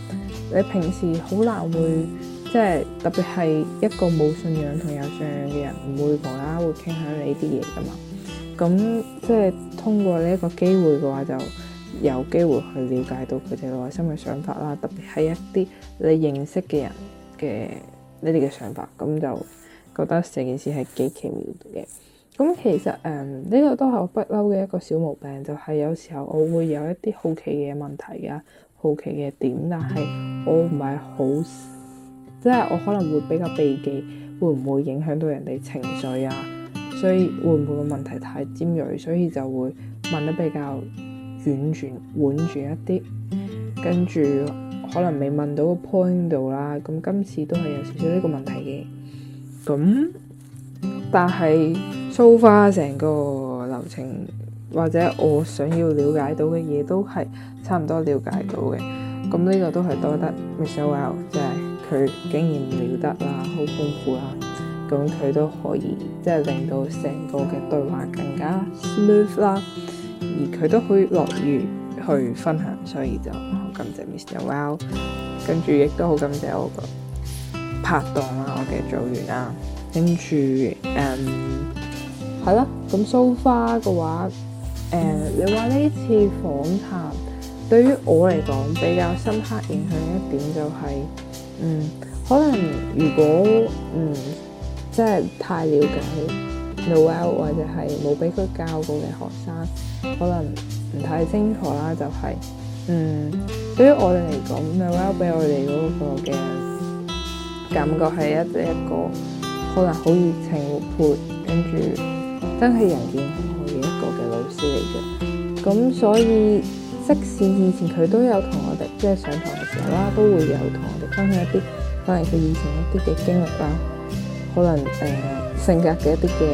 你平時好難會、嗯、即係特別係一個冇信仰同有信仰嘅人，唔會無啦會傾向你啲嘢噶嘛。咁即係通過呢一個機會嘅話，就有機會去了解到佢哋內心嘅想法啦。特別係一啲你認識嘅人嘅你哋嘅想法，咁就覺得成件事係幾奇妙嘅。咁其實誒呢、嗯這個都係我不嬲嘅一個小毛病，就係、是、有時候我會有一啲好奇嘅問題啊、好奇嘅點，但係我唔係好，即係我可能會比較避忌，會唔會影響到人哋情緒啊？所以會唔會個問題太尖銳，所以就會問得比較婉轉、婉轉一啲，跟住可能未問到個 point 度啦。咁今次都係有少少呢個問題嘅，咁樣但係。粗化成個流程，或者我想要了解到嘅嘢都係差唔多了解到嘅。咁呢個都係多得 Mr. Well，即係佢經驗了得啦，好豐富啦。咁佢都可以即係令到成個嘅對話更加 smooth 啦。而佢都可以樂意去分享，所以就好感謝 Mr. Well，跟住亦都好感謝我個拍檔啦、啊，我嘅組員啦、啊。跟住誒。嗯係啦，咁 so far 嘅話，誒，你話呢次訪談對於我嚟講比較深刻影響一點就係，嗯，可能如果唔即係太了解 Noel 或者係冇俾佢教過嘅學生，可能唔太清楚啦。就係、是，嗯，對於我哋嚟講 Noel 俾我哋嗰個嘅感覺係一一個，可能好熱情活潑，跟住，真係人見人愛嘅一個嘅老師嚟嘅，咁所以即使以前佢都有同我哋，即係上堂嘅時候啦，都會有同我哋分享一啲，可能佢以前一啲嘅經歷啦，可能誒性格嘅一啲嘅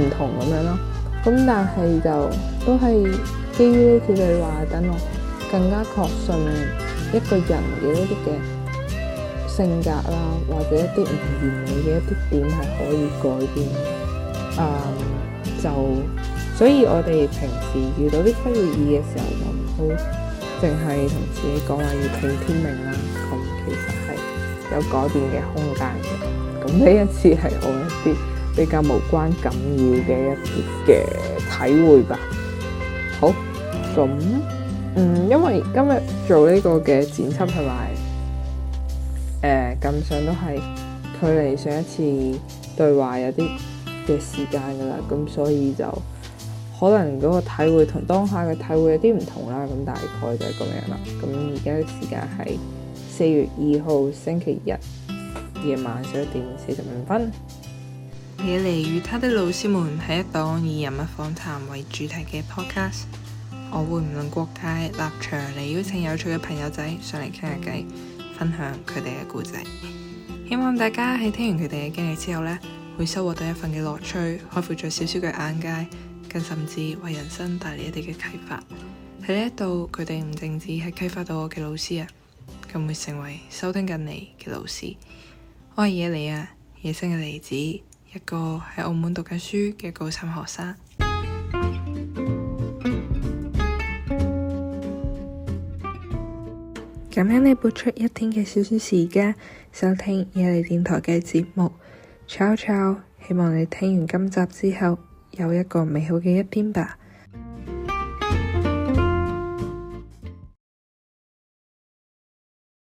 唔同咁樣咯。咁但係就都係基於呢次對話，等我更加確信一個人嘅一啲嘅性格啦，或者一啲唔完美嘅一啲點係可以改變。誒，um，就所以我哋平時遇到啲不如意嘅時候，就唔好淨係同自己講話要聽天命啦、啊。咁、嗯、其實係有改變嘅空間嘅。咁呢一次係我一啲比較無關緊要嘅一啲嘅體會吧。好，咁嗯，因為今日做呢個嘅剪輯係咪？誒、呃，咁上都係距離上一次對話有啲，嘅時間噶啦，咁所以就可能嗰個體會同當下嘅體會有啲唔同啦，咁大概就係咁樣啦。咁而家嘅時間係四月二號星期日夜晚十一點四十五分。Yanni 與他的老師們係一檔以人物訪談為主題嘅 podcast，我會唔論國界立場嚟邀請有趣嘅朋友仔上嚟傾下偈，分享佢哋嘅故仔。希望大家喺聽完佢哋嘅經歷之後呢，會收穫到一份嘅樂趣，開闊咗少少嘅眼界，更甚至為人生帶嚟一啲嘅啟發。喺呢一度，佢哋唔淨止係啟發到我嘅老師啊，更會成為收聽緊你嘅老師。我係野梨啊，野生嘅梨子，一個喺澳門讀緊書嘅高三學生。感恩你撥出一天嘅少少時間，收聽野梨電台嘅節目。超超，ciao ciao，希望你聽完今集之後，有一個美好嘅一天吧。